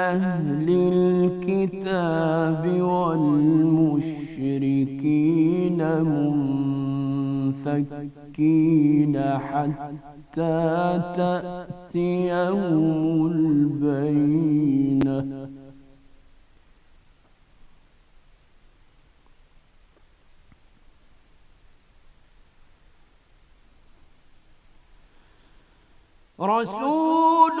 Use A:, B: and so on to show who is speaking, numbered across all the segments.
A: أهل الكتاب والمشركين منفكين حتى تأتي البينة رسول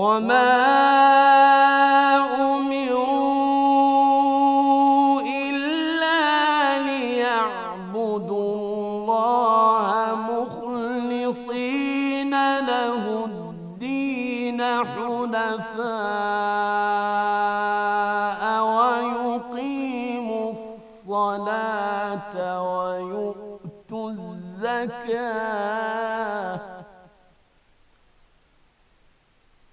A: وما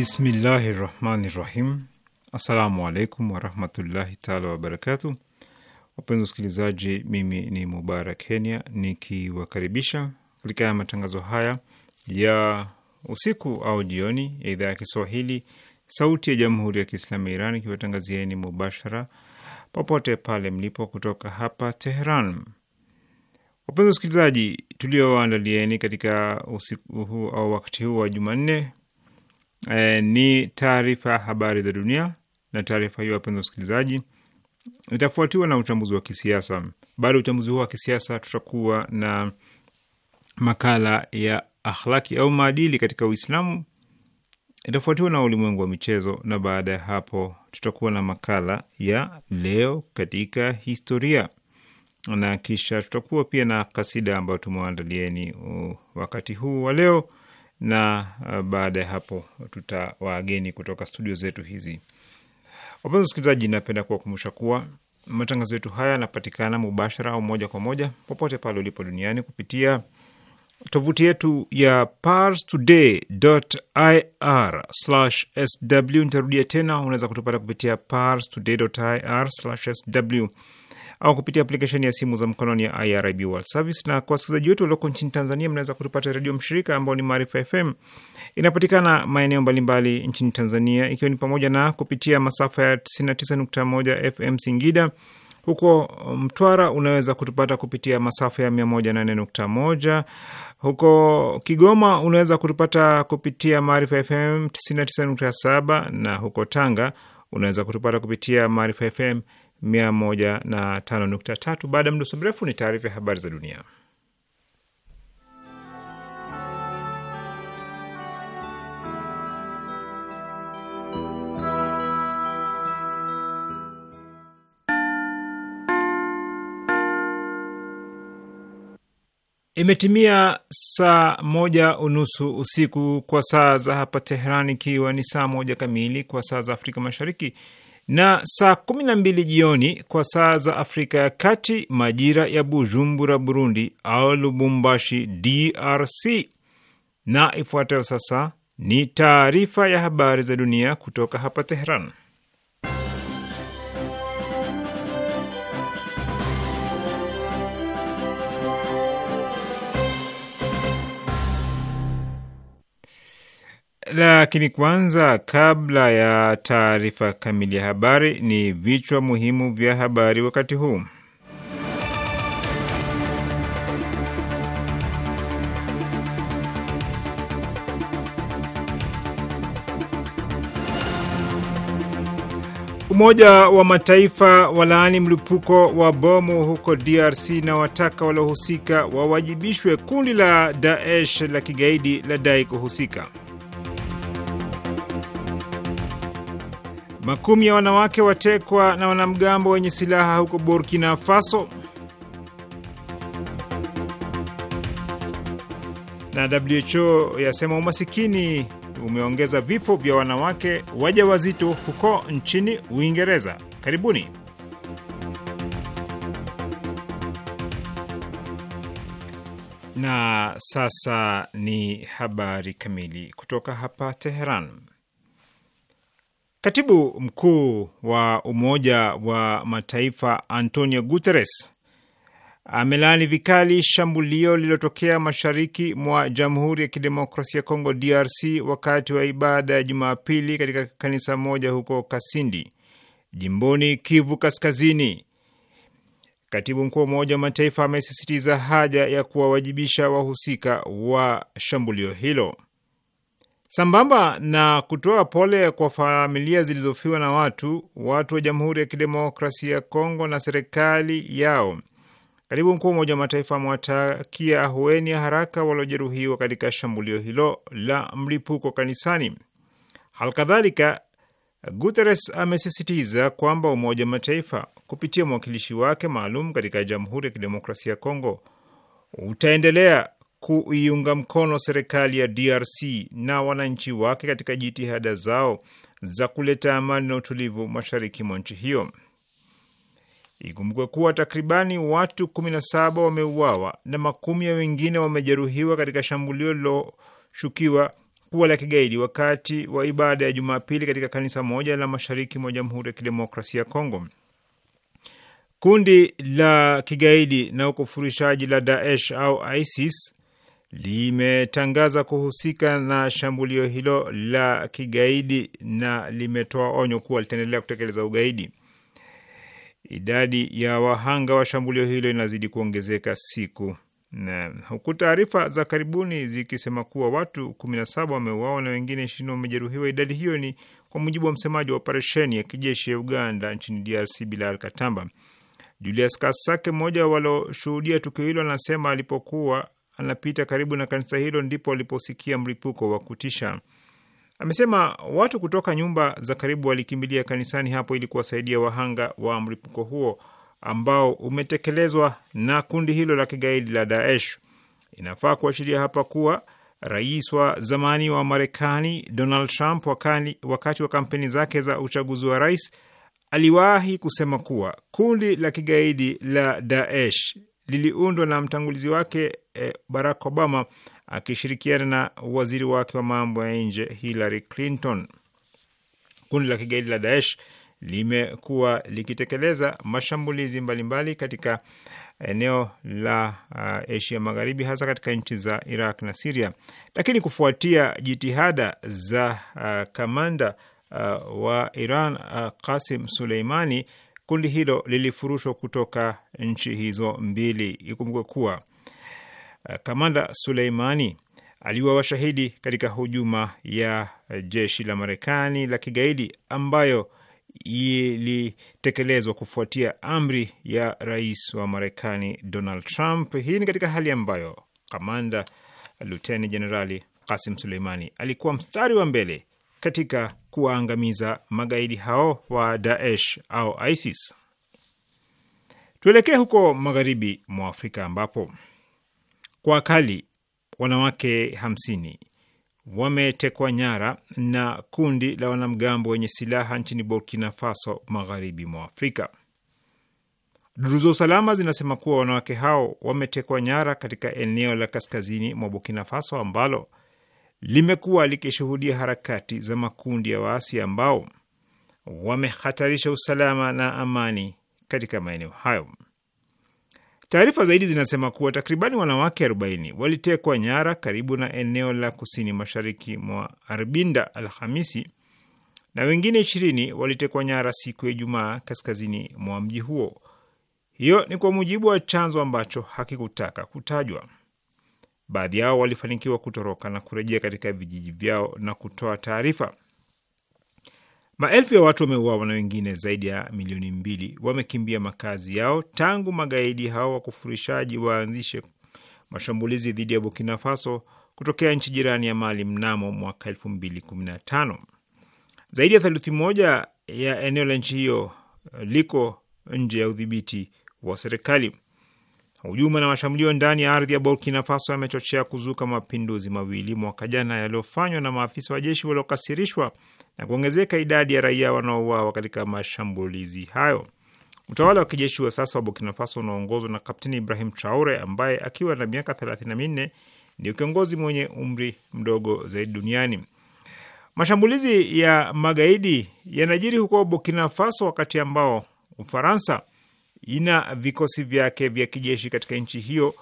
B: Bismillahi rahmani rahim. Assalamu alaikum warahmatullahi taala wabarakatu. Wapenzi wasikilizaji, mimi ni Mubarak Kenya nikiwakaribisha katika haya matangazo haya ya usiku au jioni ya idhaa ya Kiswahili sauti ya jamhuri ya Kiislamu ya Iran ikiwatangazieni mubashara popote pale mlipo kutoka hapa Teheran. Wapenzi wasikilizaji, tulioandalieni katika usiku huu au wakati huu wa Jumanne e, ni taarifa ya habari za dunia, na taarifa hiyo, wapenzi wasikilizaji, itafuatiwa na uchambuzi wa kisiasa. Baada ya uchambuzi huo wa kisiasa, tutakuwa na makala ya akhlaki au maadili katika Uislamu, itafuatiwa na ulimwengu wa michezo, na baada ya hapo tutakuwa na makala ya leo katika historia na kisha tutakuwa pia na kasida ambayo tumewaandalieni uh, wakati huu wa leo na uh, baada ya hapo tutawaageni kutoka studio zetu hizi. Wapenzi wasikilizaji, napenda kuwakumbusha kuwa matangazo yetu haya yanapatikana mubashara au moja kwa moja popote pale ulipo duniani kupitia tovuti yetu ya parstoday.ir/sw. Nitarudia tena, unaweza kutupata kupitia parstoday.ir/sw au kupitia aplikesheni ya simu za mkononi ya IRIB World Service. Na kwa wasikilizaji wetu walioko nchini Tanzania, mnaweza kutupata redio mshirika ambao ni Maarifa FM. Inapatikana maeneo mbalimbali nchini Tanzania, ikiwa ni pamoja na kupitia masafa ya 99.1 FM Singida. Huko Mtwara unaweza kutupata kupitia masafa ya 108.1. Huko Kigoma unaweza kutupata kupitia Maarifa FM 99.7, na huko Tanga unaweza kutupata kupitia Maarifa FM 105.3. Baada ya mdoso mrefu ni taarifa ya habari za dunia. Imetimia saa moja unusu usiku kwa saa za hapa Teheran, ikiwa ni saa moja kamili kwa saa za Afrika Mashariki na saa 12 jioni kwa saa za Afrika ya Kati, majira ya Bujumbura, Burundi, au Lubumbashi, DRC. Na ifuatayo sasa ni taarifa ya habari za dunia kutoka hapa Teheran. Lakini kwanza, kabla ya taarifa kamili ya habari, ni vichwa muhimu vya habari wakati huu. Umoja wa Mataifa walaani mlipuko wa bomu huko DRC na wataka waliohusika wawajibishwe. Kundi la Daesh la kigaidi la dai kuhusika. Makumi ya wanawake watekwa na wanamgambo wenye silaha huko Burkina Faso. Na WHO yasema umasikini umeongeza vifo vya wanawake wajawazito huko nchini Uingereza. Karibuni. Na sasa ni habari kamili kutoka hapa Teheran. Katibu mkuu wa Umoja wa Mataifa Antonio Guterres amelaani vikali shambulio lililotokea mashariki mwa Jamhuri ya Kidemokrasia ya Kongo, DRC, wakati wa ibada ya Jumapili katika kanisa moja huko Kasindi, jimboni Kivu Kaskazini. Katibu mkuu wa Umoja wa Mataifa amesisitiza haja ya kuwawajibisha wahusika wa shambulio hilo. Sambamba na kutoa pole kwa familia zilizofiwa na watu, watu wa Jamhuri ya Kidemokrasia ya Kongo na serikali yao, katibu mkuu wa Umoja wa Mataifa amewatakia ahueni ya haraka waliojeruhiwa katika shambulio hilo la mlipuko kanisani. Halikadhalika, Guterres amesisitiza kwamba Umoja wa Mataifa kupitia mwakilishi wake maalum katika Jamhuri ya Kidemokrasia ya Kongo utaendelea kuiunga mkono serikali ya DRC na wananchi wake katika jitihada zao za kuleta amani na utulivu mashariki mwa nchi hiyo. Ikumbukwe kuwa takribani watu 17 wameuawa na makumi ya wengine wamejeruhiwa katika shambulio liloshukiwa kuwa la kigaidi wakati wa ibada ya Jumapili katika kanisa moja la mashariki mwa Jamhuri ya Kidemokrasia ya Kongo. Kundi la kigaidi na ukufurishaji la Daesh au ISIS limetangaza kuhusika na shambulio hilo la kigaidi na limetoa onyo kuwa litaendelea kutekeleza ugaidi. Idadi ya wahanga wa shambulio hilo inazidi kuongezeka siku na huku taarifa za karibuni zikisema kuwa watu 17 wameuawa na wengine 20 wamejeruhiwa. Idadi hiyo ni kwa mujibu wa msemaji wa operesheni ya kijeshi ya Uganda nchini DRC, Bilal Katamba. Julius Kasake, mmoja walioshuhudia tukio hilo, anasema alipokuwa anapita karibu na kanisa hilo ndipo aliposikia mlipuko wa kutisha. Amesema watu kutoka nyumba za karibu walikimbilia kanisani hapo ili kuwasaidia wahanga wa mlipuko huo ambao umetekelezwa na kundi hilo la kigaidi la Daesh. Inafaa kuashiria hapa kuwa rais wa zamani wa Marekani Donald Trump wakani, wakati wa kampeni zake za uchaguzi wa rais aliwahi kusema kuwa kundi la kigaidi la Daesh liliundwa na mtangulizi wake Eh, Barack Obama akishirikiana na waziri wake wa mambo ya nje Hillary Clinton. Kundi la kigaidi la Daesh limekuwa likitekeleza mashambulizi mbalimbali mbali katika eneo la eh, Asia Magharibi, hasa katika nchi za Iraq na Siria. Lakini kufuatia jitihada za uh, kamanda uh, wa Iran uh, Qasim Suleimani, kundi hilo lilifurushwa kutoka nchi hizo mbili. Ikumbuke kuwa Eh, kamanda Suleimani aliwa washahidi katika hujuma ya jeshi la Marekani la kigaidi ambayo ilitekelezwa kufuatia amri ya rais wa Marekani Donald Trump. Hii ni katika hali ambayo kamanda luteni jenerali Kasim Suleimani alikuwa mstari wa mbele katika kuwaangamiza magaidi hao wa Daesh au ISIS. Tuelekee huko magharibi mwa Afrika ambapo kwa akali wanawake hamsini wametekwa nyara na kundi la wanamgambo wenye silaha nchini Burkina Faso, magharibi mwa Afrika. Duru za usalama zinasema kuwa wanawake hao wametekwa nyara katika eneo la kaskazini mwa Burkina Faso ambalo limekuwa likishuhudia harakati za makundi ya waasi ambao wamehatarisha usalama na amani katika maeneo hayo. Taarifa zaidi zinasema kuwa takribani wanawake 40 walitekwa nyara karibu na eneo la kusini mashariki mwa Arbinda Alhamisi na wengine ishirini walitekwa nyara siku ya Ijumaa kaskazini mwa mji huo. Hiyo ni kwa mujibu wa chanzo ambacho hakikutaka kutajwa. Baadhi yao walifanikiwa kutoroka na kurejea katika vijiji vyao na kutoa taarifa. Maelfu ya watu wameuawa na wengine zaidi ya milioni mbili wamekimbia makazi yao tangu magaidi hao wakufurishaji waanzishe mashambulizi dhidi ya Burkina Faso kutokea nchi jirani ya Mali mnamo mwaka 215 Zaidi ya theluthi moja ya eneo la nchi hiyo eh, liko nje ya udhibiti wa serikali. Hujuma na mashambulio ndani ya ardhi ya Burkina Faso yamechochea kuzuka mapinduzi mawili mwaka jana yaliyofanywa na maafisa wa jeshi waliokasirishwa na kuongezeka idadi ya raia wanaouawa katika mashambulizi hayo. Utawala wa kijeshi wa sasa wa Burkina Faso unaongozwa na Kapteni Ibrahim Traore ambaye akiwa na miaka thelathini na minne ndio kiongozi mwenye umri mdogo zaidi duniani. Mashambulizi ya magaidi yanajiri huko Burkina Faso wakati ambao Ufaransa ina vikosi vyake vya kijeshi katika nchi hiyo,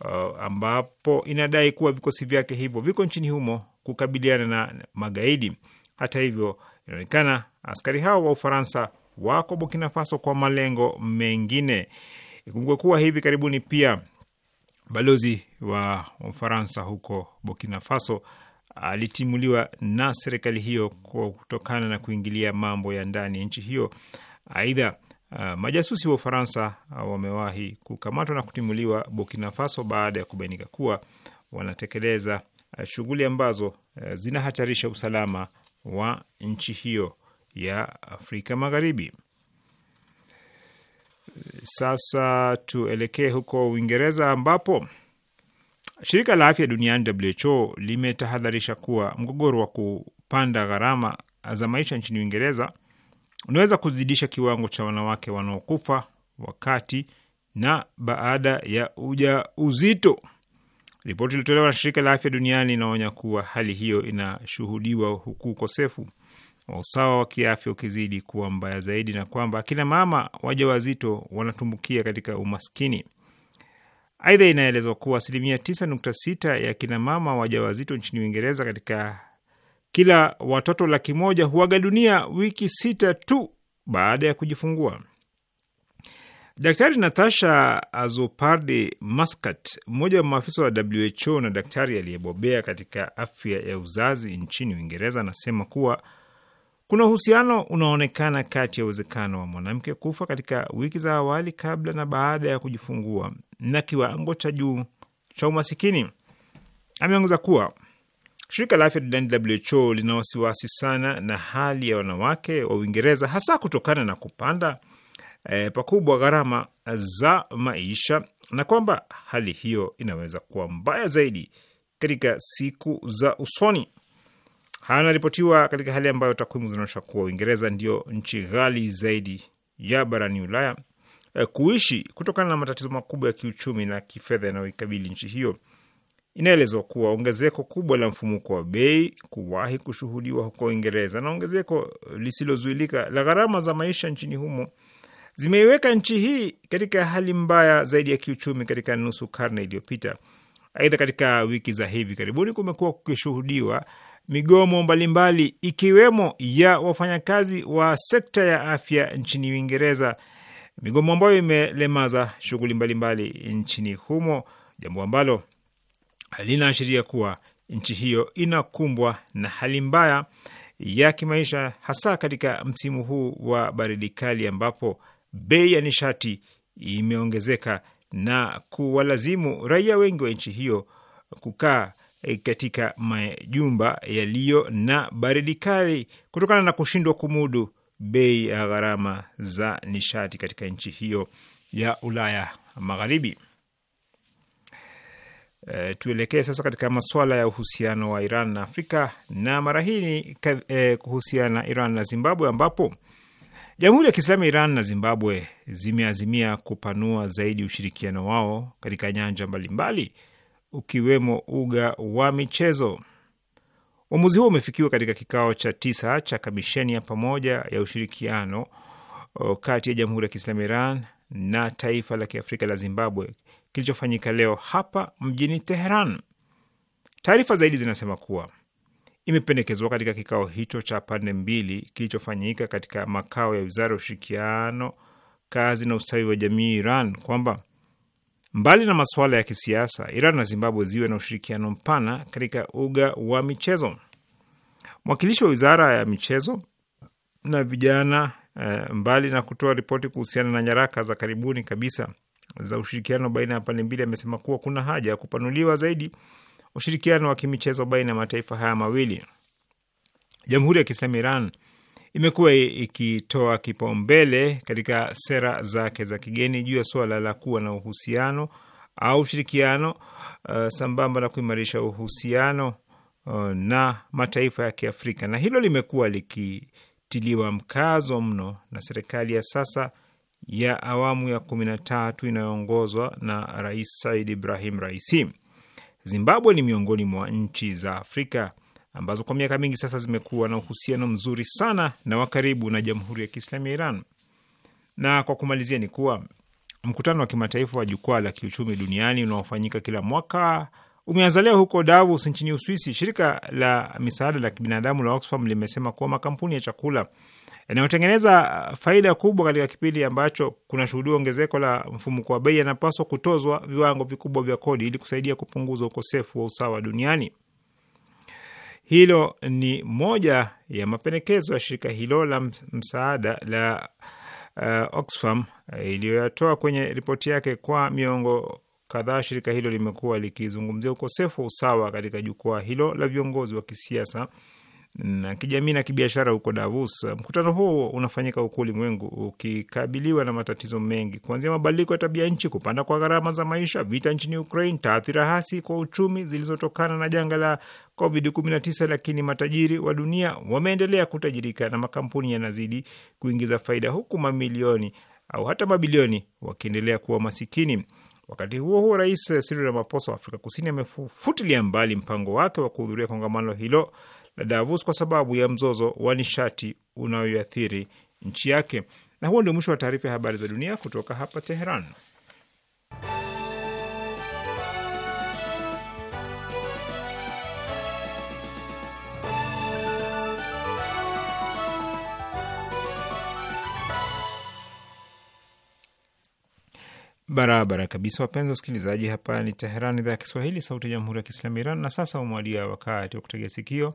B: uh, ambapo inadai kuwa vikosi vyake hivyo viko nchini humo kukabiliana na magaidi. Hata hivyo, inaonekana askari hao wa Ufaransa wako Burkina Faso kwa malengo mengine. Ikumbukwe kuwa hivi karibuni pia balozi wa Ufaransa huko Burkina Faso alitimuliwa na serikali hiyo kwa kutokana na kuingilia mambo ya ndani ya nchi hiyo. Aidha, uh, majasusi wa Ufaransa wamewahi kukamatwa na kutimuliwa Burkina Faso baada ya kubainika kuwa wanatekeleza uh, shughuli ambazo uh, zinahatarisha usalama wa nchi hiyo ya Afrika Magharibi. Sasa tuelekee huko Uingereza ambapo shirika la afya duniani WHO limetahadharisha kuwa mgogoro wa kupanda gharama za maisha nchini Uingereza unaweza kuzidisha kiwango cha wanawake wanaokufa wakati na baada ya uja uzito Ripoti iliyotolewa na shirika la afya duniani inaonya kuwa hali hiyo inashuhudiwa huku ukosefu wa usawa wa kiafya ukizidi kuwa mbaya zaidi, na kwamba akina mama wazito wanatumbukia katika umaskini. Aidha, inaelezwa kuwa asilimia 9.6 ya akina mama wazito nchini Uingereza katika kila watoto laki moja huaga dunia wiki sita tu baada ya kujifungua. Daktari Natasha Azopardi Muscat, mmoja wa maafisa wa WHO na daktari aliyebobea katika afya ya uzazi nchini Uingereza, anasema kuwa kuna uhusiano unaoonekana kati ya uwezekano wa mwanamke kufa katika wiki za awali kabla na baada ya kujifungua na kiwango cha juu cha umasikini. Ameongeza kuwa shirika la afya duniani WHO lina wasiwasi sana na hali ya wanawake wa Uingereza, hasa kutokana na kupanda eh, pakubwa gharama za maisha na kwamba hali hiyo inaweza kuwa mbaya zaidi katika siku za usoni. Haya yanaripotiwa katika hali ambayo takwimu zinaonyesha kuwa Uingereza ndio nchi ghali zaidi ya barani Ulaya eh, kuishi kutokana na matatizo makubwa ya kiuchumi na kifedha yanayoikabili nchi hiyo. Inaelezwa kuwa ongezeko kubwa la mfumuko wa bei kuwahi kushuhudiwa huko Uingereza na ongezeko lisilozuilika la gharama za maisha nchini humo zimeiweka nchi hii katika hali mbaya zaidi ya kiuchumi katika nusu karne iliyopita. Aidha, katika wiki za hivi karibuni kumekuwa kukishuhudiwa migomo mbalimbali ikiwemo ya wafanyakazi wa sekta ya afya nchini Uingereza, migomo ambayo imelemaza shughuli mbalimbali nchini humo, jambo ambalo linaashiria kuwa nchi hiyo inakumbwa na hali mbaya ya kimaisha, hasa katika msimu huu wa baridi kali ambapo bei ya nishati imeongezeka na kuwalazimu raia wengi wa nchi hiyo kukaa e, katika majumba yaliyo na baridi kali kutokana na kushindwa kumudu bei ya gharama za nishati katika nchi hiyo ya Ulaya Magharibi. E, tuelekee sasa katika masuala ya uhusiano wa Iran na Afrika na mara hii ni e, kuhusiana Iran na Zimbabwe ambapo Jamhuri ya Kiislamu ya Iran na Zimbabwe zimeazimia kupanua zaidi ushirikiano wao katika nyanja mbalimbali ukiwemo uga wa michezo. Uamuzi huo umefikiwa katika kikao cha tisa cha kamisheni ya pamoja ya ushirikiano kati ya Jamhuri ya Kiislamu ya Iran na taifa la Kiafrika la Zimbabwe kilichofanyika leo hapa mjini Teheran. Taarifa zaidi zinasema kuwa imependekezwa katika kikao hicho cha pande mbili kilichofanyika katika makao ya wizara ya ushirikiano, kazi na ustawi wa jamii Iran kwamba mbali na masuala ya kisiasa, Iran na Zimbabwe ziwe na ushirikiano mpana katika uga wa michezo. Mwakilishi wa wizara ya michezo na vijana eh, mbali na kutoa ripoti kuhusiana na nyaraka za karibuni kabisa za ushirikiano baina ya pande mbili, amesema kuwa kuna haja ya kupanuliwa zaidi ushirikiano wa kimichezo baina ya mataifa haya mawili. Jamhuri ya Kiislamu Iran imekuwa ikitoa kipaumbele katika sera zake za kigeni juu ya suala la kuwa na uhusiano au ushirikiano uh, sambamba na kuimarisha uhusiano uh, na mataifa ya Kiafrika, na hilo limekuwa likitiliwa mkazo mno na serikali ya sasa ya awamu ya kumi na tatu inayoongozwa na Rais Said Ibrahim Raisi. Zimbabwe ni miongoni mwa nchi za Afrika ambazo kwa miaka mingi sasa zimekuwa na uhusiano mzuri sana na wa karibu na Jamhuri ya Kiislamu ya Iran. Na kwa kumalizia ni kuwa mkutano wa kimataifa wa jukwaa la kiuchumi duniani unaofanyika kila mwaka umeanza leo huko Davos nchini Uswisi. Shirika la misaada la kibinadamu la Oxfam limesema kuwa makampuni ya chakula yanayotengeneza uh, faida kubwa katika kipindi ambacho kunashuhudiwa ongezeko la mfumuko wa bei yanapaswa kutozwa viwango vikubwa vya kodi ili kusaidia kupunguza ukosefu wa usawa duniani. Hilo ni moja ya mapendekezo ya shirika hilo la msaada la uh, Oxfam uh, iliyoyatoa kwenye ripoti yake. Kwa miongo kadhaa, shirika hilo limekuwa likizungumzia ukosefu wa usawa katika jukwaa hilo la viongozi wa kisiasa na kijamii na kibiashara huko Davos. Mkutano huo unafanyika huku ulimwengu ukikabiliwa na matatizo mengi, kuanzia mabadiliko ya tabia nchi, kupanda kwa gharama za maisha, vita nchini Ukraine, taathira hasi kwa uchumi zilizotokana na janga la COVID-19. Lakini matajiri wa dunia wameendelea kutajirika na makampuni yanazidi kuingiza faida, huku mamilioni au hata mabilioni wakiendelea kuwa masikini. Wakati huo huo, Rais Cyril Ramaphosa wa Afrika Kusini amefutilia mbali mpango wake wa kuhudhuria kongamano hilo la Davos kwa sababu ya mzozo wa nishati unayoathiri nchi yake. Na huo ndio mwisho wa taarifa ya habari za dunia kutoka hapa Teheran. Barabara kabisa, wapenzi wa usikilizaji hapa ni Teheran, idhaa ya Kiswahili, sauti ya jamhuri ya kiislamu Iran. Na sasa umewadia wakati wa kutegea sikio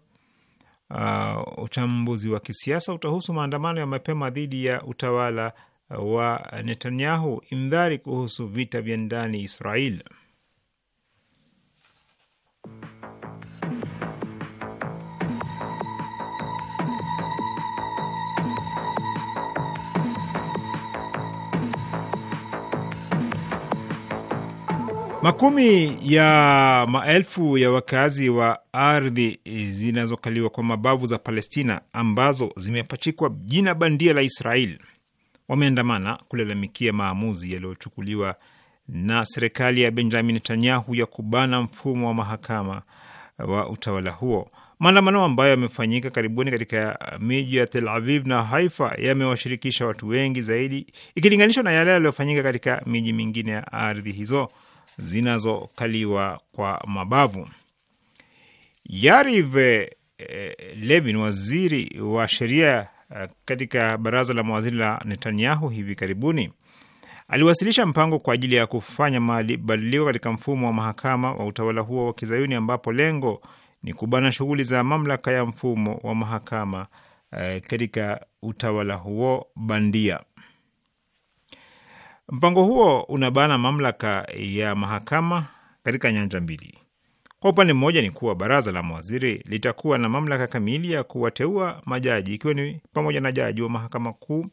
B: uh, uchambuzi wa kisiasa utahusu maandamano ya mapema dhidi ya utawala uh, wa Netanyahu, imdhari kuhusu vita vya ndani Israel. Makumi ya maelfu ya wakazi wa ardhi zinazokaliwa kwa mabavu za Palestina ambazo zimepachikwa jina bandia la Israel wameandamana kulalamikia maamuzi yaliyochukuliwa na serikali ya Benjamin Netanyahu ya kubana mfumo wa mahakama wa utawala huo. Maandamano ambayo yamefanyika karibuni katika miji ya Tel Aviv na Haifa yamewashirikisha watu wengi zaidi ikilinganishwa na yale yaliyofanyika katika miji mingine ya ardhi hizo zinazokaliwa kwa mabavu. Yariv eh, Levin, waziri wa sheria eh, katika baraza la mawaziri la Netanyahu hivi karibuni aliwasilisha mpango kwa ajili ya kufanya mabadiliko katika mfumo wa mahakama wa utawala huo wa kizayuni ambapo lengo ni kubana shughuli za mamlaka ya mfumo wa mahakama eh, katika utawala huo bandia. Mpango huo unabana mamlaka ya mahakama katika nyanja mbili. Kwa upande mmoja ni kuwa baraza la mawaziri litakuwa na mamlaka kamili ya kuwateua majaji, ikiwa ni pamoja na jaji wa mahakama kuu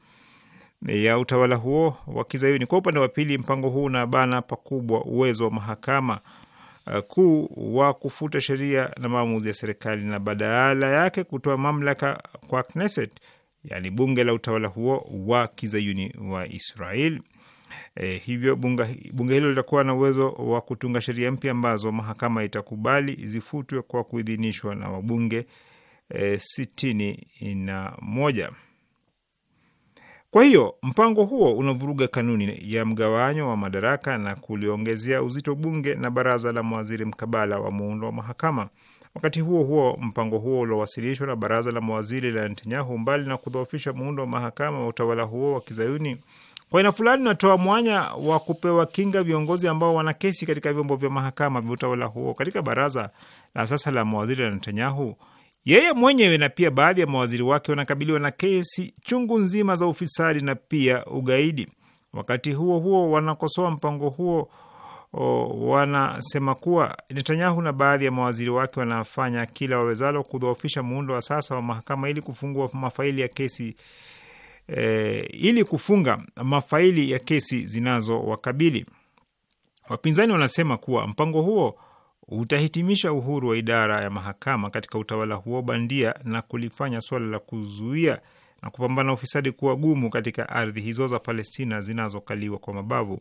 B: ya utawala huo wa Kizayuni. Kwa upande wa pili, mpango huu unabana pakubwa uwezo wa mahakama uh, kuu wa kufuta sheria na maamuzi ya serikali na badala yake kutoa mamlaka kwa Knesset, yaani bunge la utawala huo wa Kizayuni wa Israeli E, hivyo bunge hilo litakuwa na uwezo wa kutunga sheria mpya ambazo mahakama itakubali zifutwe kwa kuidhinishwa na wabunge e, sitini na moja. Kwa hiyo mpango huo unavuruga kanuni ya mgawanyo wa madaraka na kuliongezea uzito bunge na baraza la mawaziri mkabala wa muundo wa mahakama. Wakati huo huo, mpango huo uliowasilishwa na baraza la mawaziri la Netanyahu, mbali na kudhoofisha muundo wa mahakama wa utawala huo wa kizayuni kwa aina fulani, natoa mwanya wa kupewa kinga viongozi ambao wana kesi katika vyombo vya mahakama vya utawala huo. Katika baraza la sasa la mawaziri la Netanyahu, yeye mwenyewe na pia baadhi ya mawaziri wake wanakabiliwa na kesi chungu nzima za ufisadi na pia ugaidi. Wakati huo huo, wanakosoa mpango huo O, wanasema kuwa Netanyahu na baadhi ya mawaziri wake wanafanya kila wawezalo kudhoofisha muundo wa sasa wa mahakama ili kufungua mafaili ya kesi e, ili kufunga mafaili ya kesi zinazowakabili. Wapinzani wanasema kuwa mpango huo utahitimisha uhuru wa idara ya mahakama katika utawala huo bandia na kulifanya suala la kuzuia na kupambana ufisadi kuwa gumu katika ardhi hizo za Palestina zinazokaliwa kwa mabavu.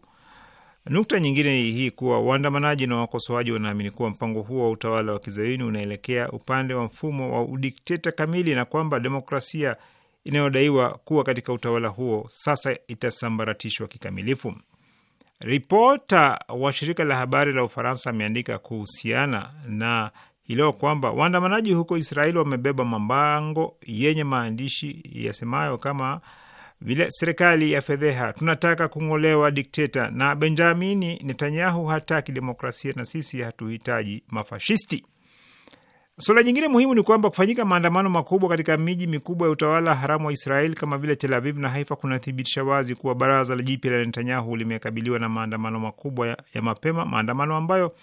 B: Nukta nyingine ni hii kuwa waandamanaji na wakosoaji wanaamini kuwa mpango huo wa utawala wa kizayuni unaelekea upande wa mfumo wa udikteta kamili na kwamba demokrasia inayodaiwa kuwa katika utawala huo sasa itasambaratishwa kikamilifu. Ripota wa shirika la habari la Ufaransa ameandika kuhusiana na hilo kwamba waandamanaji huko Israeli wamebeba mabango yenye maandishi yasemayo kama vile serikali ya fedheha, tunataka kung'olewa dikteta, na Benjamini Netanyahu hataki demokrasia, na sisi hatuhitaji mafashisti. Suala nyingine muhimu ni kwamba kufanyika maandamano makubwa katika miji mikubwa ya utawala haramu wa Israeli kama vile Tel Aviv na Haifa kunathibitisha wazi kuwa baraza la jipya la Netanyahu limekabiliwa na maandamano makubwa ya, ya mapema, maandamano ambayo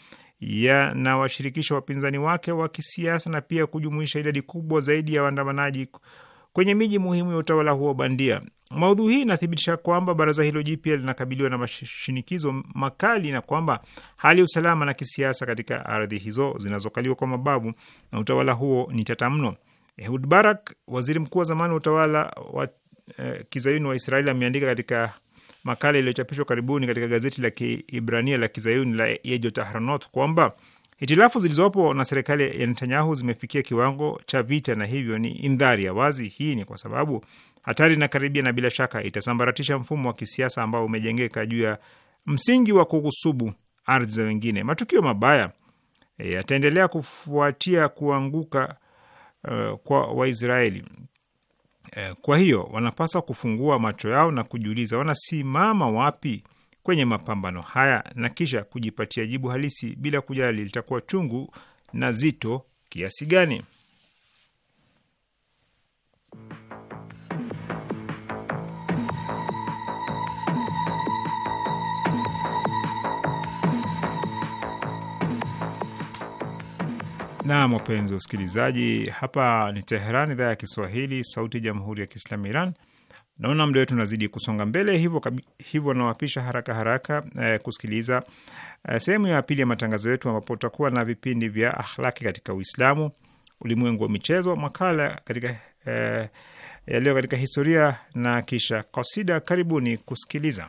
B: yanawashirikisha wapinzani wake wa kisiasa na pia kujumuisha idadi kubwa zaidi ya waandamanaji kwenye miji muhimu ya utawala huo bandia. Maudhui hii inathibitisha kwamba baraza hilo jipya linakabiliwa na mashinikizo makali na kwamba hali ya usalama na kisiasa katika ardhi hizo zinazokaliwa kwa mabavu na utawala huo ni tata mno. Ehud Barak, waziri mkuu wa zamani wa utawala wa eh, kizayuni wa Israeli, ameandika katika makala iliyochapishwa karibuni katika gazeti la Kiibrania la kizayuni la Yediot Ahronot kwamba hitilafu zilizopo na serikali ya Netanyahu zimefikia kiwango cha vita na hivyo ni indhari ya wazi. Hii ni kwa sababu Hatari inakaribia na bila shaka itasambaratisha mfumo wa kisiasa ambao umejengeka juu ya msingi wa kuhusubu ardhi za wengine. Matukio mabaya eh, yataendelea kufuatia kuanguka uh, kwa Waisraeli. Eh, kwa hiyo wanapaswa kufungua macho yao na kujiuliza wanasimama wapi kwenye mapambano haya na kisha kujipatia jibu halisi bila kujali litakuwa chungu na zito kiasi gani. Naam, wapenzi usikilizaji, hapa ni Teheran, idhaa ya Kiswahili, sauti ya jamhuri ya kiislamu Iran. Naona muda wetu unazidi kusonga mbele, hivyo hivyo nawapisha haraka haraka eh, kusikiliza eh, sehemu ya pili ya matangazo yetu ambapo tutakuwa na vipindi vya akhlaki katika Uislamu, ulimwengu wa michezo, makala katika eh, yaliyo katika historia na kisha kasida. Karibuni kusikiliza.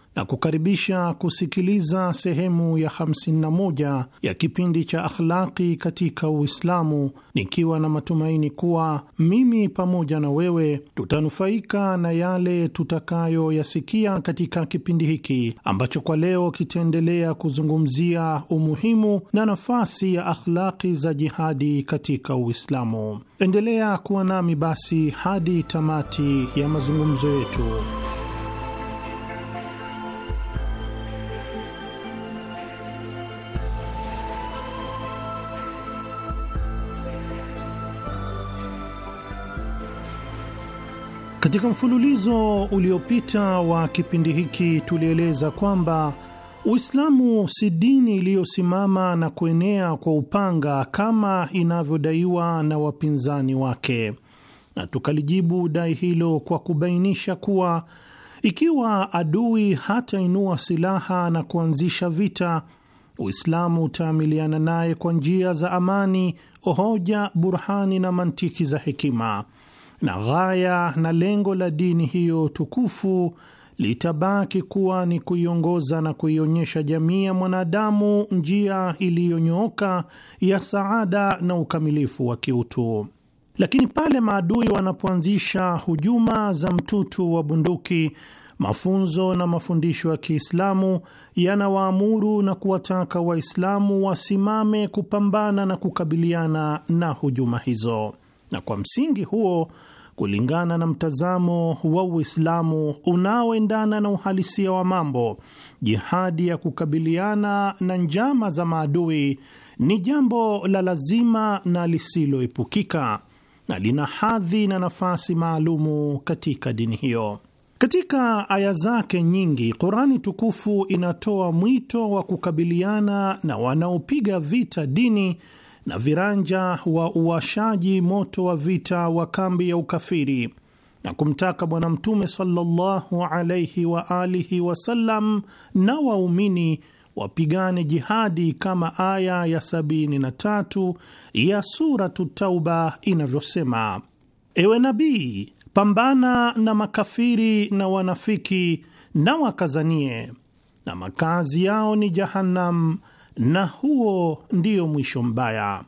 C: na kukaribisha kusikiliza sehemu ya 51 ya kipindi cha Akhlaqi katika Uislamu, nikiwa na matumaini kuwa mimi pamoja na wewe tutanufaika na yale tutakayoyasikia katika kipindi hiki ambacho kwa leo kitaendelea kuzungumzia umuhimu na nafasi ya akhlaqi za jihadi katika Uislamu. Endelea kuwa nami basi hadi tamati ya mazungumzo yetu. Katika mfululizo uliopita wa kipindi hiki tulieleza kwamba Uislamu si dini iliyosimama na kuenea kwa upanga kama inavyodaiwa na wapinzani wake, na tukalijibu dai hilo kwa kubainisha kuwa ikiwa adui hatainua silaha na kuanzisha vita, Uislamu utaamiliana naye kwa njia za amani, hoja, burhani na mantiki za hekima na ghaya na lengo la dini hiyo tukufu litabaki kuwa ni kuiongoza na kuionyesha jamii ya mwanadamu njia iliyonyooka ya saada na ukamilifu wa kiutu. Lakini pale maadui wanapoanzisha hujuma za mtutu wa bunduki, mafunzo na mafundisho ya Kiislamu yanawaamuru na kuwataka Waislamu wasimame kupambana na kukabiliana na hujuma hizo na kwa msingi huo, kulingana na mtazamo wa Uislamu unaoendana na uhalisia wa mambo, jihadi ya kukabiliana na njama za maadui ni jambo la lazima na lisiloepukika na lina hadhi na nafasi maalumu katika dini hiyo. Katika aya zake nyingi, Qurani tukufu inatoa mwito wa kukabiliana na wanaopiga vita dini na viranja wa uwashaji moto wa vita wa kambi ya ukafiri na kumtaka Bwana Mtume sallallahu alaihi wa alihi wasallam na waumini wapigane jihadi kama aya ya 73 ya Suratu Tauba inavyosema: ewe nabii, pambana na makafiri na wanafiki na wakazanie, na makazi yao ni Jahannam na huo ndio mwisho mbaya.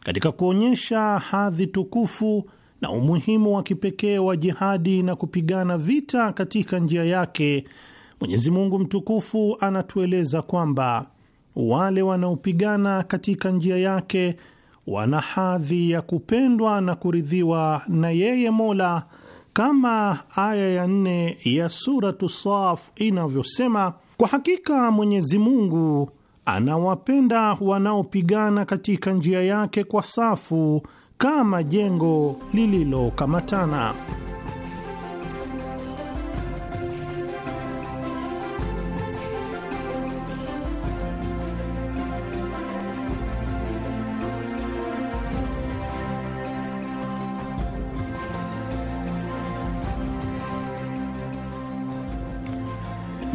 C: Katika kuonyesha hadhi tukufu na umuhimu wa kipekee wa jihadi na kupigana vita katika njia yake, Mwenyezi Mungu mtukufu anatueleza kwamba wale wanaopigana katika njia yake wana hadhi ya kupendwa na kuridhiwa na yeye Mola, kama aya ya nne ya Suratu Saf inavyosema, kwa hakika Mwenyezi Mungu anawapenda wanaopigana katika njia yake kwa safu kama jengo lililokamatana.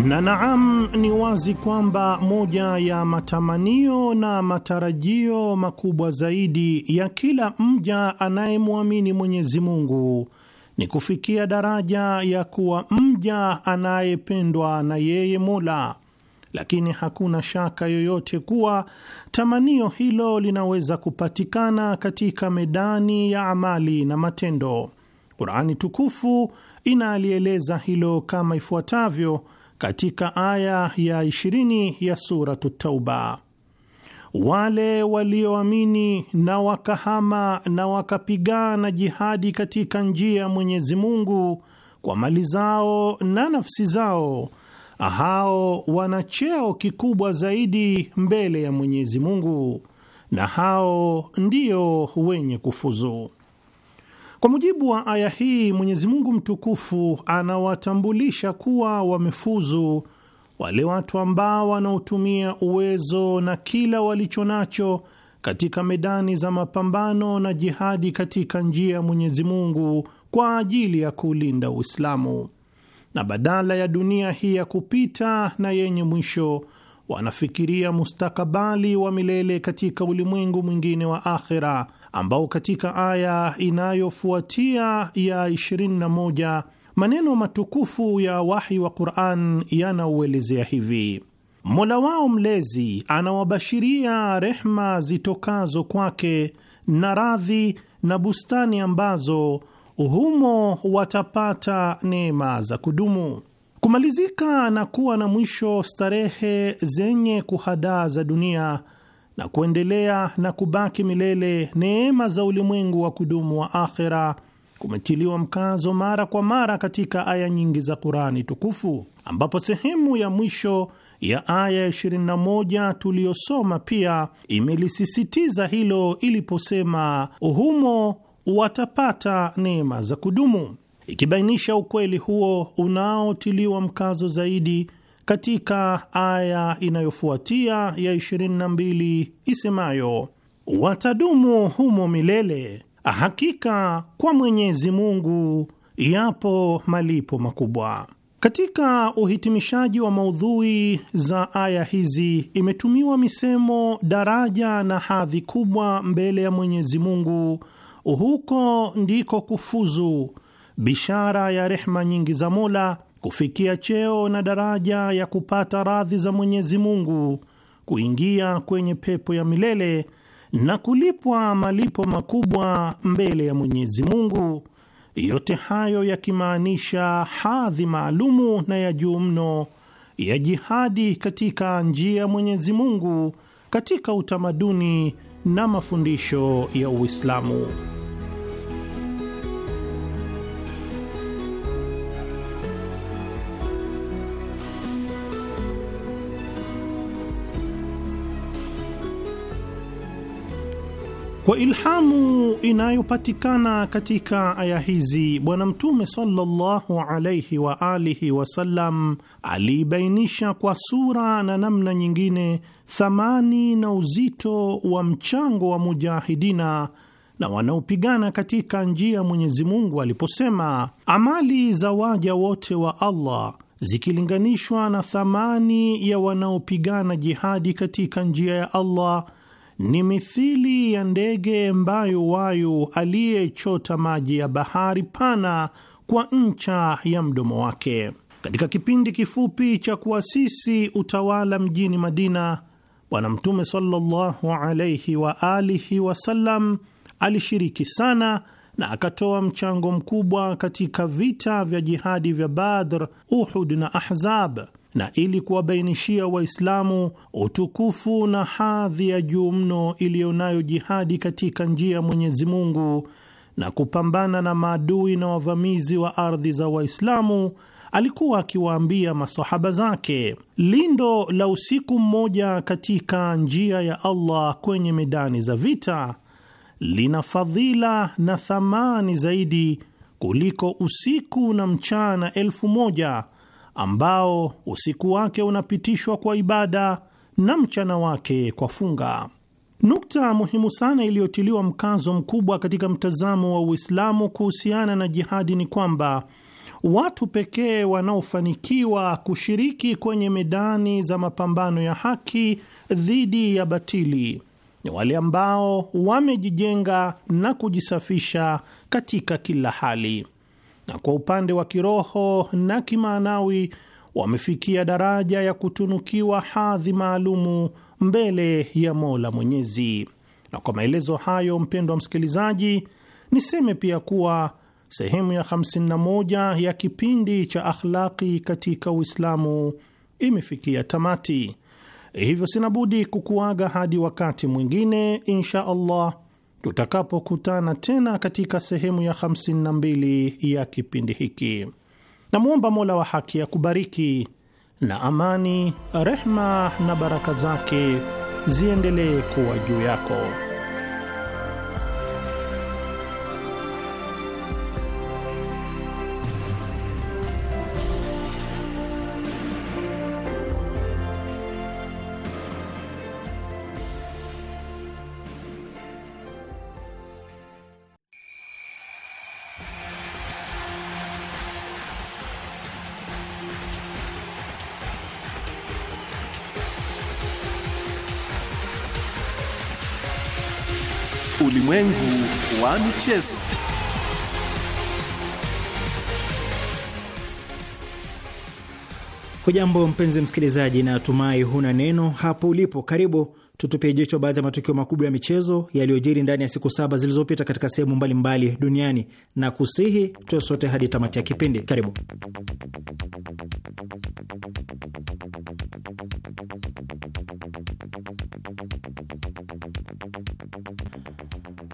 C: Na naam, ni wazi kwamba moja ya matamanio na matarajio makubwa zaidi ya kila mja anayemwamini Mwenyezi Mungu ni kufikia daraja ya kuwa mja anayependwa na yeye Mola, lakini hakuna shaka yoyote kuwa tamanio hilo linaweza kupatikana katika medani ya amali na matendo. Qurani tukufu inaalieleza hilo kama ifuatavyo katika aya ya 20 ya suratu Tauba, wale walioamini na wakahama na wakapigana jihadi katika njia ya Mwenyezi Mungu kwa mali zao na nafsi zao, hao wana cheo kikubwa zaidi mbele ya Mwenyezi Mungu, na hao ndio wenye kufuzu. Kwa mujibu wa aya hii, Mwenyezi Mungu mtukufu anawatambulisha kuwa wamefuzu wale watu ambao wanaotumia uwezo na kila walicho nacho katika medani za mapambano na jihadi katika njia ya Mwenyezi Mungu kwa ajili ya kulinda Uislamu, na badala ya dunia hii ya kupita na yenye mwisho wanafikiria mustakabali wa milele katika ulimwengu mwingine wa akhera ambao katika aya inayofuatia ya 21 maneno matukufu ya wahi wa Qur'an yanauelezea hivi: Mola wao mlezi anawabashiria rehma zitokazo kwake na radhi na bustani ambazo humo watapata neema za kudumu. Kumalizika na kuwa na mwisho starehe zenye kuhadaa za dunia na kuendelea na kubaki milele neema za ulimwengu wa kudumu wa akhera kumetiliwa mkazo mara kwa mara katika aya nyingi za Kurani tukufu, ambapo sehemu ya mwisho ya aya 21 tuliyosoma pia imelisisitiza hilo iliposema, humo watapata neema za kudumu, ikibainisha ukweli huo unaotiliwa mkazo zaidi katika aya inayofuatia ya 22 isemayo, watadumu humo milele, hakika kwa Mwenyezi Mungu yapo malipo makubwa. Katika uhitimishaji wa maudhui za aya hizi imetumiwa misemo daraja na hadhi kubwa mbele ya Mwenyezi Mungu, huko ndiko kufuzu, bishara ya rehma nyingi za Mola kufikia cheo na daraja ya kupata radhi za Mwenyezi Mungu, kuingia kwenye pepo ya milele na kulipwa malipo makubwa mbele ya Mwenyezi Mungu. Yote hayo yakimaanisha hadhi maalumu na ya juu mno ya jihadi katika njia ya Mwenyezi Mungu katika utamaduni na mafundisho ya Uislamu. Kwa ilhamu inayopatikana katika aya hizi, Bwana Mtume sallallahu alaihi wa alihi wasallam aliibainisha kwa sura na namna nyingine thamani na uzito wa mchango wa mujahidina na wanaopigana katika njia ya Mwenyezi Mungu aliposema, amali za waja wote wa Allah zikilinganishwa na thamani ya wanaopigana jihadi katika njia ya Allah ni mithili ya ndege mbayo wayu aliyechota maji ya bahari pana kwa ncha ya mdomo wake. Katika kipindi kifupi cha kuasisi utawala mjini Madina, Bwana Mtume sallallahu wa alihi wasallam alishiriki sana na akatoa mchango mkubwa katika vita vya jihadi vya Badr, Uhud na Ahzab na ili kuwabainishia Waislamu utukufu na hadhi ya juu mno iliyo nayo jihadi katika njia ya Mwenyezi Mungu na kupambana na maadui na wavamizi wa ardhi za Waislamu, alikuwa akiwaambia masahaba zake, lindo la usiku mmoja katika njia ya Allah kwenye medani za vita lina fadhila na thamani zaidi kuliko usiku na mchana elfu moja ambao usiku wake unapitishwa kwa ibada na mchana wake kwa funga. Nukta muhimu sana iliyotiliwa mkazo mkubwa katika mtazamo wa Uislamu kuhusiana na jihadi ni kwamba watu pekee wanaofanikiwa kushiriki kwenye medani za mapambano ya haki dhidi ya batili ni wale ambao wamejijenga na kujisafisha katika kila hali na kwa upande wa kiroho na kimaanawi wamefikia daraja ya kutunukiwa hadhi maalumu mbele ya Mola Mwenyezi. Na kwa maelezo hayo, mpendwa msikilizaji, niseme pia kuwa sehemu ya 51 ya kipindi cha akhlaki katika Uislamu imefikia tamati. Hivyo sina budi kukuaga hadi wakati mwingine insha Allah tutakapokutana tena katika sehemu ya 52 ya kipindi hiki. Namwomba Mola wa haki akubariki na amani, rehma na baraka zake ziendelee kuwa juu yako.
D: wa michezo.
E: Hujambo mpenzi msikilizaji, na tumai huna neno hapo ulipo. Karibu tutupie jicho baadhi ya matukio makubwa ya michezo yaliyojiri ndani ya siku saba zilizopita katika sehemu mbalimbali duniani na kusihi tuwe sote hadi tamati ya kipindi. Karibu.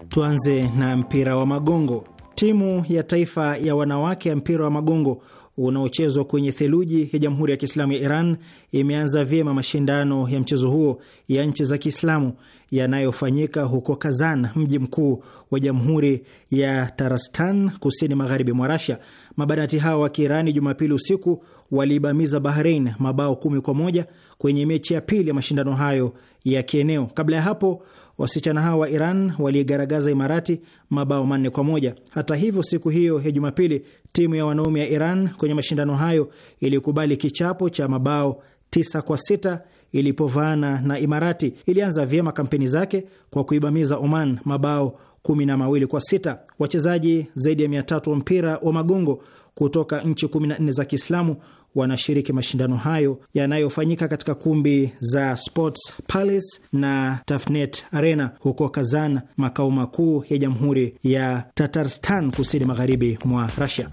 E: Tuanze na mpira wa magongo. Timu ya taifa ya wanawake ya mpira wa magongo unaochezwa kwenye theluji ya Jamhuri ya Kiislamu ya Iran imeanza vyema mashindano ya mchezo huo ya nchi za Kiislamu yanayofanyika huko Kazan, mji mkuu wa Jamhuri ya Tarastan, kusini magharibi mwa Rasia. Mabanati hao wa Kiirani Jumapili usiku waliibamiza Bahrein mabao kumi kwa moja kwenye mechi ya pili ya mashindano hayo ya kieneo. Kabla ya hapo Wasichana hawa wa Iran waliigaragaza Imarati mabao manne kwa moja. Hata hivyo, siku hiyo ya Jumapili timu ya wanaume ya Iran kwenye mashindano hayo ilikubali kichapo cha mabao tisa kwa sita ilipovaana na Imarati. Ilianza vyema kampeni zake kwa kuibamiza Oman mabao kumi na mawili kwa sita. Wachezaji zaidi ya mia tatu wa mpira wa magongo kutoka nchi 14 za Kiislamu wanashiriki mashindano hayo yanayofanyika katika kumbi za Sports Palace na Tafnet Arena huko Kazan, makao makuu ya Jamhuri ya Tatarstan kusini magharibi mwa rasia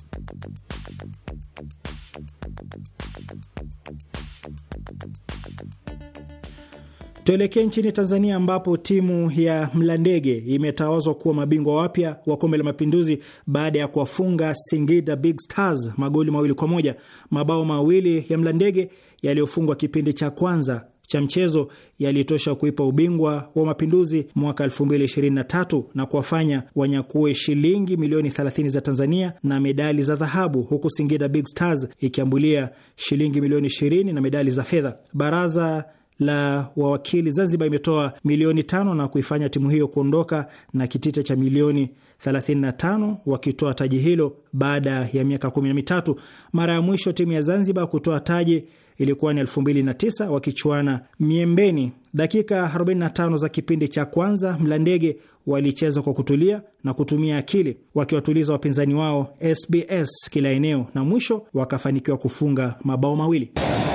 E: Tuelekee nchini Tanzania ambapo timu ya Mlandege imetawazwa kuwa mabingwa wapya wa Kombe la Mapinduzi baada ya kuwafunga Singida Big Stars magoli mawili kwa moja. Mabao mawili ya Mlandege yaliyofungwa kipindi cha kwanza cha mchezo yalitosha kuipa ubingwa wa mapinduzi mwaka 2023 na kuwafanya wanyakue shilingi milioni 30 za Tanzania na medali za dhahabu, huku Singida Big Stars ikiambulia shilingi milioni 20 na medali za fedha. Baraza la wawakili Zanzibar imetoa milioni tano na kuifanya timu hiyo kuondoka na kitita cha milioni 35 wakitoa taji hilo baada ya miaka 13. Mara ya mwisho timu ya Zanzibar kutoa taji ilikuwa ni 2009 wakichuana miembeni. Dakika 45 za kipindi cha kwanza Mlandege walicheza kwa kutulia na kutumia akili wakiwatuliza wapinzani wao SBS kila eneo, na mwisho wakafanikiwa kufunga mabao mawili.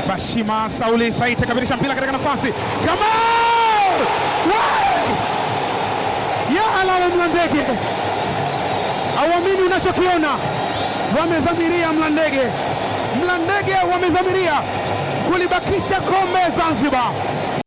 B: Bashima Sauli Saite kabirisha
D: mpira katika nafasi Yahalawe
F: Mlandege auamini unachokiona, wamedhamiria Mlandege Mlandege wamedhamiria kulibakisha kombe Zanzibar.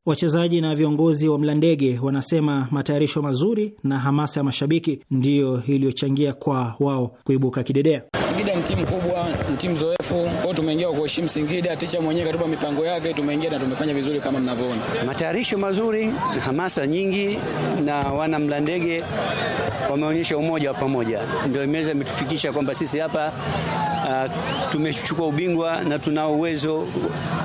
E: Wachezaji na viongozi wa Mlandege wanasema matayarisho mazuri na hamasa ya mashabiki ndiyo iliyochangia kwa wao kuibuka kidedea. Singida ni timu kubwa, ni timu zoefu, kwao tumeingia kwa kuheshimu Singida. Ticha mwenyewe katupa mipango yake, tumeingia na tumefanya vizuri
G: kama mnavyoona. Matayarisho mazuri, hamasa nyingi, na wana Mlandege wameonyesha umoja wa pamoja, ndio imeweza imetufikisha kwamba sisi hapa uh, tumechukua ubingwa na tunao uwezo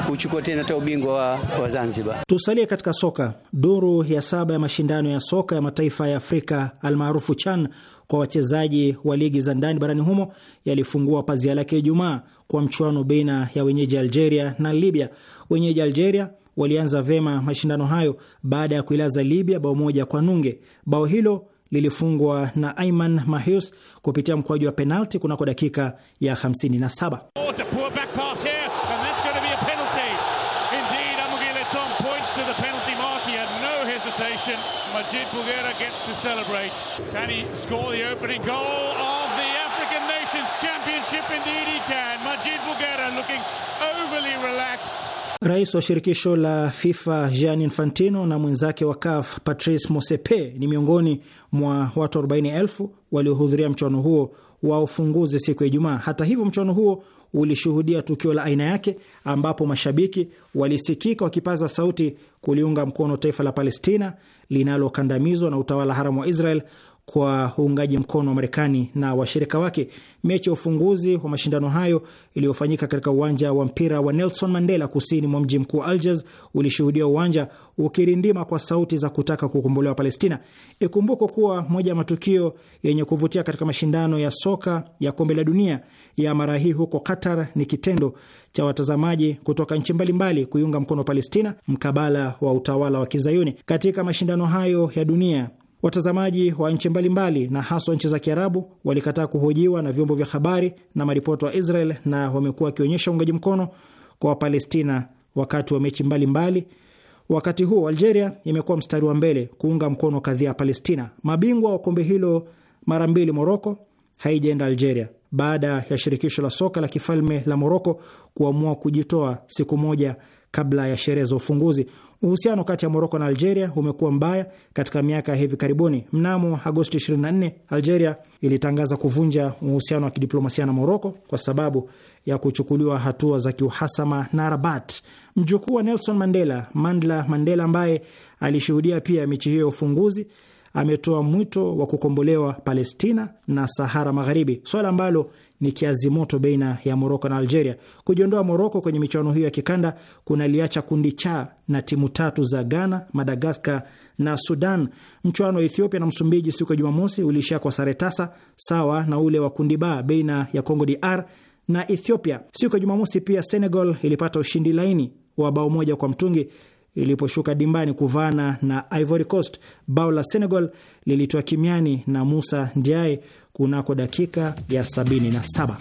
G: kuchukua tena hata ubingwa wa, wa
E: Zanzibar. Tusalie katika soka. Duru ya saba ya mashindano ya soka ya mataifa ya Afrika almaarufu CHAN kwa wachezaji wa ligi za ndani barani humo yalifungua pazia lake Ijumaa kwa mchuano baina ya wenyeji Algeria na Libya. Wenyeji Algeria walianza vema mashindano hayo baada ya kuilaza Libya bao moja kwa nunge. Bao hilo lilifungwa na Aiman Mahius kupitia mkwaju wa penalti kunako dakika ya 57.
C: Champions Majid Bugera looking overly relaxed.
E: Rais wa shirikisho la FIFA Gianni Infantino na mwenzake wa CAF Patrice Motsepe ni miongoni mwa watu 40,000 waliohudhuria mchuano huo wa ufunguzi siku ya Ijumaa. Hata hivyo, mchuano huo ulishuhudia tukio la aina yake ambapo mashabiki walisikika wakipaza sauti kuliunga mkono taifa la Palestina linalokandamizwa na utawala haramu wa Israel kwa uungaji mkono wa Marekani na washirika wake. Mechi ya ufunguzi wa mashindano hayo iliyofanyika katika uwanja wa mpira wa Nelson Mandela kusini mwa mji mkuu Algiers ulishuhudia uwanja ukirindima kwa sauti za kutaka kukombolewa Palestina. Ikumbukwe kuwa moja ya matukio yenye kuvutia katika mashindano ya soka ya kombe la dunia ya mara hii huko Qatar ni kitendo cha watazamaji kutoka nchi mbalimbali kuiunga mkono Palestina mkabala wa utawala wa Kizayuni. Katika mashindano hayo ya dunia Watazamaji wa nchi mbalimbali na haswa nchi za Kiarabu walikataa kuhojiwa na vyombo vya habari na maripoti wa Israel na wamekuwa wakionyesha uungaji mkono kwa Wapalestina wakati wa mechi mbalimbali mbali. Wakati huo Algeria imekuwa mstari wa mbele kuunga mkono kadhia ya Palestina. Mabingwa wa kombe hilo mara mbili Moroko haijaenda Algeria baada ya shirikisho la soka la kifalme la Moroko kuamua kujitoa siku moja kabla ya sherehe za ufunguzi. Uhusiano kati ya Moroko na Algeria umekuwa mbaya katika miaka ya hivi karibuni. Mnamo Agosti 24, Algeria ilitangaza kuvunja uhusiano wa kidiplomasia na Moroko kwa sababu ya kuchukuliwa hatua za kiuhasama na Rabat. Mjukuu wa Nelson Mandela, Mandla Mandela, ambaye alishuhudia pia michi hiyo ya ufunguzi, ametoa mwito wa kukombolewa Palestina na Sahara Magharibi, swala ambalo ni kiazi moto baina ya Moroko na Algeria. Kujiondoa Moroko kwenye michuano hiyo ya kikanda kunaliacha kundi cha na timu tatu za Ghana, Madagaskar na Sudan. Mchuano wa Ethiopia na Msumbiji siku ya Jumamosi uliishia kwa sare tasa sawa na ule wa kundi ba baina ya Congo DR na Ethiopia. Siku ya Jumamosi pia Senegal ilipata ushindi laini wa bao moja kwa mtungi iliposhuka dimbani kuvaana na Ivory Coast. Bao la Senegal lilitoa kimiani na Musa Ndiaye kunako dakika ya 77.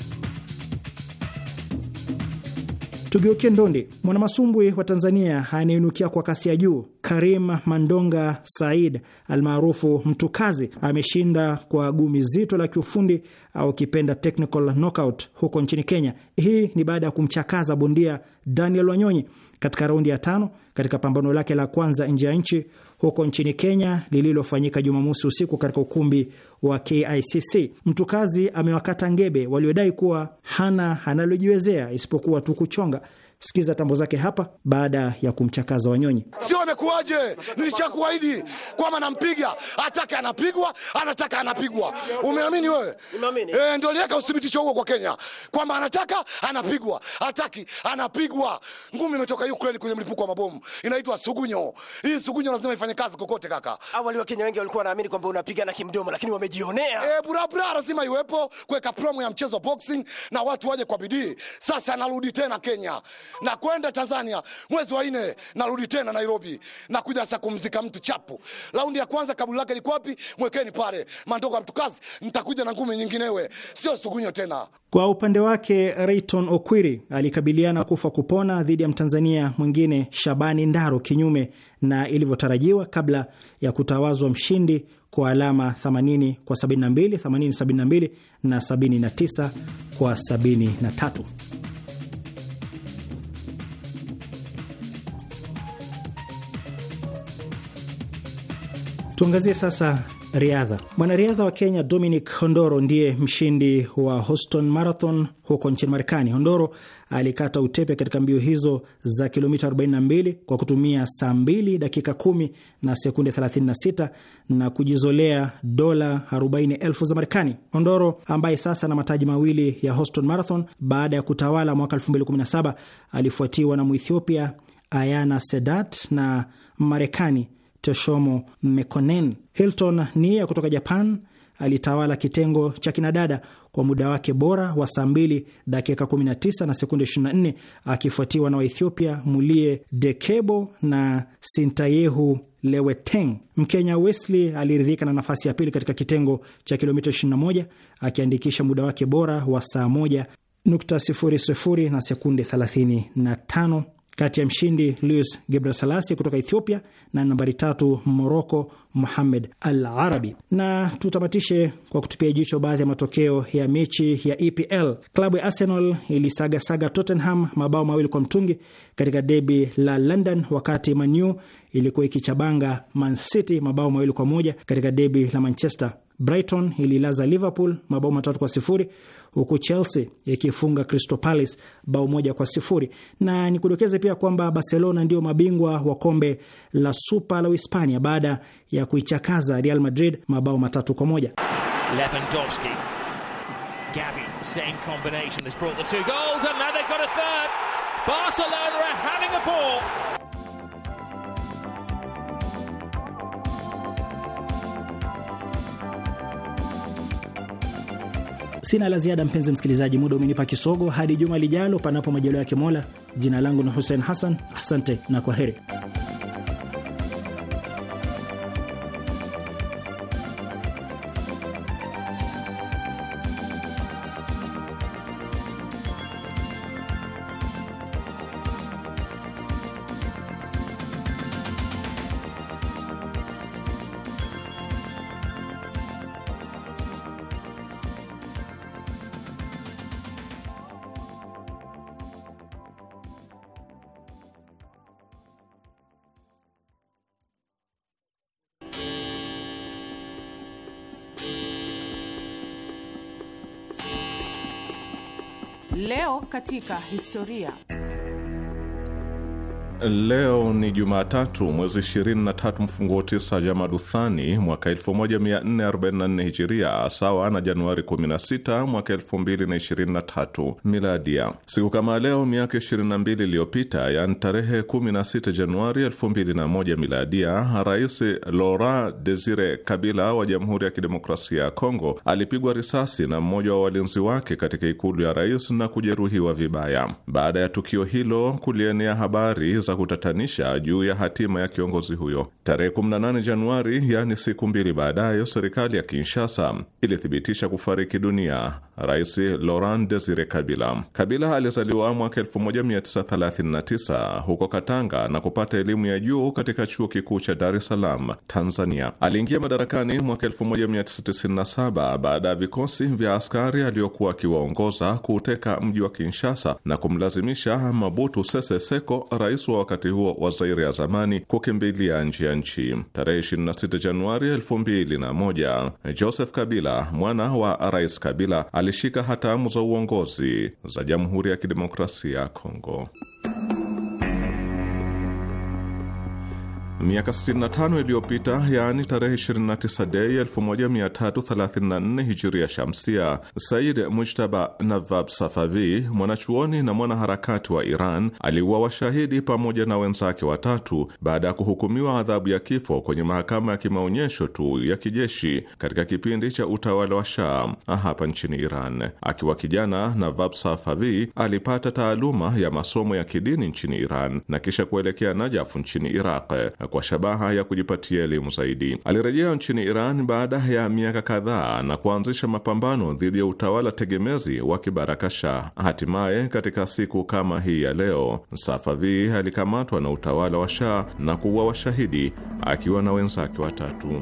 E: Tugeukie ndondi. Mwanamasumbwi wa Tanzania anayeinukia kwa kasi ya juu Karim Mandonga Said almaarufu Mtukazi ameshinda kwa gumi zito la kiufundi au kipenda technical knockout huko nchini Kenya. Hii ni baada ya kumchakaza bondia Daniel Wanyonyi katika raundi ya tano katika pambano lake la kwanza nje ya nchi huko nchini Kenya lililofanyika Jumamosi usiku katika ukumbi wa KICC. Mtukazi amewakata ngebe waliodai kuwa hana analojiwezea isipokuwa tu kuchonga. Sikiza tambo zake hapa baada ya kumchakaza Wanyonyi.
F: Sio amekuwaje? Nilishakuahidi kwamba nampiga, atake anapigwa, anataka anapigwa. Umeamini wewe? E, ndio liweka uthibitisho huo kwa Kenya kwamba anataka anapigwa, ataki anapigwa. Ngumi imetoka Ukraine kwenye mlipuko wa mabomu, inaitwa sugunyo. Hii sugunyo lazima ifanye kazi kokote, kaka.
E: Awali Wakenya wengi walikuwa wanaamini kwamba unapigana kimdomo, lakini wamejionea.
F: E, burabura lazima iwepo, kuweka promo ya mchezo boxing na watu waje kwa bidii. Sasa narudi tena Kenya na kwenda Tanzania mwezi wa nne, narudi tena Nairobi na kuja sasa kumzika mtu chapu. Raundi ya kwanza kaburi lake liko wapi? Mwekeni pale mtu mtukazi, nitakuja na ngumi nyinginewe, sio sugunyo tena.
E: Kwa upande wake Rayton Okwiri alikabiliana kufa kupona dhidi ya Mtanzania mwingine Shabani Ndaro kinyume na ilivyotarajiwa kabla ya kutawazwa mshindi kwa alama 80 kwa 72, 80 72 na 79 kwa 73. Tuangazie sasa riadha. Mwanariadha wa Kenya Dominic Hondoro ndiye mshindi wa Houston Marathon huko nchini Marekani. Hondoro alikata utepe katika mbio hizo za kilomita 42 kwa kutumia saa 2 dakika 10 na sekunde 36 na kujizolea dola 40,000 za Marekani. Hondoro ambaye sasa ana mataji mawili ya Houston Marathon baada ya kutawala mwaka 2017, alifuatiwa na Muethiopia Ayana Sedat na Marekani Toshomo Mekonen. Hilton Nia kutoka Japan alitawala kitengo cha kinadada kwa muda wake bora wa saa 2 dakika 19 na sekunde 24, akifuatiwa na Waethiopia Mulie Dekebo na Sintayehu Leweteng. Mkenya Wesley aliridhika na nafasi ya pili katika kitengo cha kilomita 21 akiandikisha muda wake bora wa saa 1 nukta sifuri sifuri na sekunde 35 kati ya mshindi Luis Gebrasalasi kutoka Ethiopia na nambari tatu Moroko Muhamed Al Arabi. Na tutamatishe kwa kutupia jicho baadhi ya matokeo ya mechi ya EPL. Klabu ya Arsenal ilisagasaga Tottenham mabao mawili kwa mtungi katika debi la London, wakati Manu ilikuwa ikichabanga Man City mabao mawili kwa moja katika debi la Manchester. Brighton ililaza Liverpool mabao matatu kwa sifuri huku Chelsea ikifunga Crystal Palace bao moja kwa sifuri. Na nikudokeze pia kwamba Barcelona ndio mabingwa wa kombe la Super la Uhispania baada ya kuichakaza Real Madrid mabao matatu kwa moja. Lewandowski, Gavi, same combination brought the
A: two goals and now they've got a third. Barcelona are having a ball.
E: Sina la ziada, mpenzi msikilizaji, muda umenipa kisogo. Hadi juma lijalo, panapo majaliwa ya kimola Jina langu ni Hussein Hassan, asante na kwa heri.
D: katika historia. Leo ni Jumatatu, mwezi 23 mfunguo 9 Jamaduthani mwaka 1444 Hijiria, sawa na Januari 16 mwaka 2023 Miladia. Siku kama leo miaka 22 iliyopita, yani tarehe 16 Januari 2001 Miladia, Rais Laurent Desire Kabila wa Jamhuri ya Kidemokrasia ya Kongo alipigwa risasi na mmoja wa walinzi wake katika ikulu ya rais na kujeruhiwa vibaya. Baada ya tukio hilo, kulienea habari za kutatanisha juu ya hatima ya kiongozi huyo. Tarehe 18 Januari, yaani siku mbili baadaye, serikali ya Kinshasa ilithibitisha kufariki dunia Rais Laurent Desire Kabila. Kabila alizaliwa mwaka 1939 huko Katanga na kupata elimu ya juu katika chuo kikuu cha Dar es Salaam, Tanzania. Aliingia madarakani mwaka 1997 baada ya vikosi vya askari aliyokuwa akiwaongoza kuuteka mji wa Kinshasa na kumlazimisha Mabutu Sese Seko, rais wa wakati huo wa Zaire ya zamani, kukimbilia nje ya nchi. Tarehe 26 Januari 2001, Joseph Kabila, mwana wa Rais Kabila alishika hatamu za uongozi za Jamhuri ya Kidemokrasia ya Kongo. Miaka 65 iliyopita, yaani tarehe 29 Dei 1334 hijiria shamsia, Said Mujtaba Navab Safavi, mwanachuoni na mwanaharakati wa Iran, aliuawa washahidi pamoja na wenzake watatu baada ya kuhukumiwa adhabu ya kifo kwenye mahakama ya kimaonyesho tu ya kijeshi katika kipindi cha utawala wa Shah hapa nchini Iran. Akiwa kijana, Navab Safavi alipata taaluma ya masomo ya kidini nchini Iran na kisha kuelekea Najafu nchini Iraq kwa shabaha ya kujipatia elimu zaidi. Alirejea nchini Iran baada ya miaka kadhaa na kuanzisha mapambano dhidi ya utawala tegemezi wa kibaraka Shah. Hatimaye, katika siku kama hii ya leo, Safavi alikamatwa na utawala wa Shah na kuwa washahidi akiwa na wenzake watatu.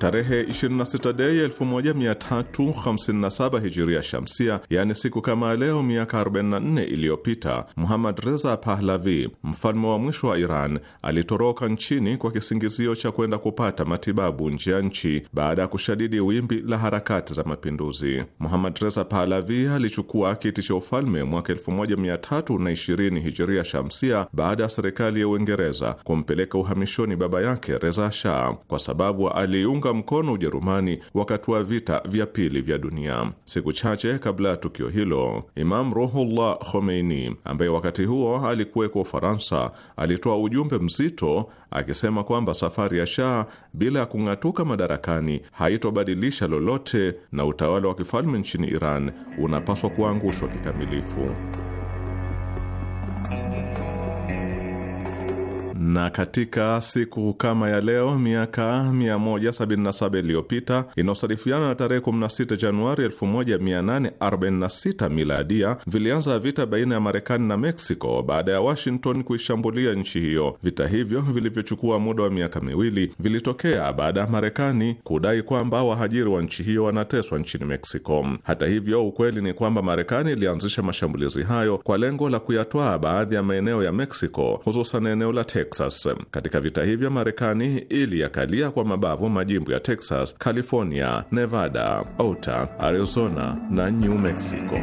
D: tarehe 26 Dei ya 1357 hijiria shamsia, yaani siku kama leo miaka 44 iliyopita, Muhammad Reza Pahlavi, mfalme wa mwisho wa Iran, alitoroka nchini kwa kisingizio cha kwenda kupata matibabu nje ya nchi baada ya kushadidi wimbi la harakati za mapinduzi. Muhammad Reza Pahlavi alichukua kiti cha ufalme mwaka 1320 hijiria shamsia baada ya serikali ya Uingereza kumpeleka uhamishoni baba yake Reza Shah kwa sababu aliunga kuunga mkono Ujerumani wakati wa vita vya pili vya dunia. Siku chache kabla ya tukio hilo, Imam Ruhullah Khomeini ambaye wakati huo alikuwekwa Ufaransa alitoa ujumbe mzito akisema kwamba safari ya Shah bila ya kung'atuka madarakani haitobadilisha lolote na utawala wa kifalme nchini Iran unapaswa kuangushwa kikamilifu. na katika siku kama ya leo miaka 177 iliyopita inayosadifiana na tarehe 16 Januari 1846 miladia, vilianza vita baina ya Marekani na Mexico baada ya Washington kuishambulia nchi hiyo. Vita hivyo vilivyochukua muda wa miaka miwili vilitokea baada ya Marekani kudai kwamba wahajiri wa nchi hiyo wanateswa nchini Mexico. Hata hivyo, ukweli ni kwamba Marekani ilianzisha mashambulizi hayo kwa lengo la kuyatwaa baadhi ya maeneo ya Mexico, hususan eneo la Texas. Texas. Katika vita hivyo, Marekani iliyakalia kwa mabavu majimbo ya Texas, California, Nevada, Utah, Arizona na New Mexico.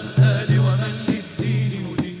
F: والآل ومن للدين يدين